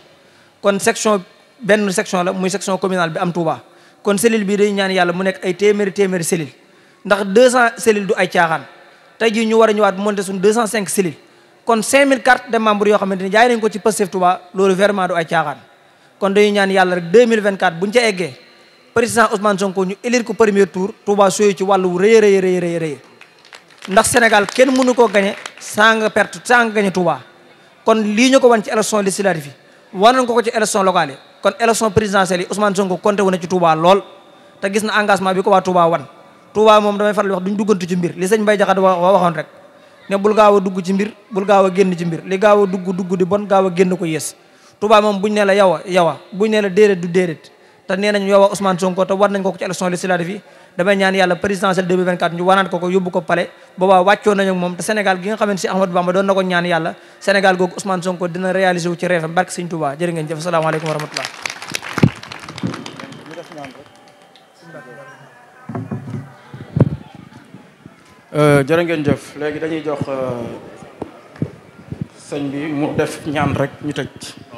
Speaker 10: kon section benn section la muy section communal bi am Touba kon cellule bii day ñaan yàlla mu nekk ay téeméeri téeméeri ndax 200 cellules du ay caaxaan te jii ñu war a ñëwaat bu monté suñu 205 cellules kon 5000 cartes de membre yoo xamante ni jaay nañ ko ci Pastef Touba loolu vraiment du ay caaxaan kon dañuy ñaan yàlla rek 2024 buñ ca eggee président Ousmane Sonko ñu élire ko premier tour Touba sooyu ci wàllu rëy rëy rëy rëy ndax Sénégal kenn mënu koo gañe saa perte saa nga gañe Touba kon lii ñu ko wan ci élection législative yi war nañ ko ko ci élection locale yi kon élection présidentielle yi Ousmane Sonko compté wu na ci Touba lool bi ko waa Touba wan Touba moom damay faral wax duñ duggantu ci mbir li sëñ Mbay Jaxate wa waxoon rek ne bul gaaw a dugg ci mbir bul gaaw a génn ci mbir li gaaw a dugg dugg di bon gaaw a génn ko yées Touba moom buñ ne la yow a yow a buñ ne la déedéet du déedéet te nee nañ yow a Ousmane Sonko te war nañ ko ko ci élection législative yi damay ñaan yàlla présidentielle 2024 ñu wanaat ko ko yóbbu ko palais boobaa wàccoo nañu ak moom te Sénégal gi nga xamante si Ahmadou Bamba doon na ko ñaan yàlla Sénégal googu Ousmane Sonko dina réaliser wu ci réefam barke sëñ Touba jërë
Speaker 2: Euh, jërë ngeen jëf léegi dañuy jox euh, sëñ bi mu def ñaan rek ñu tëj.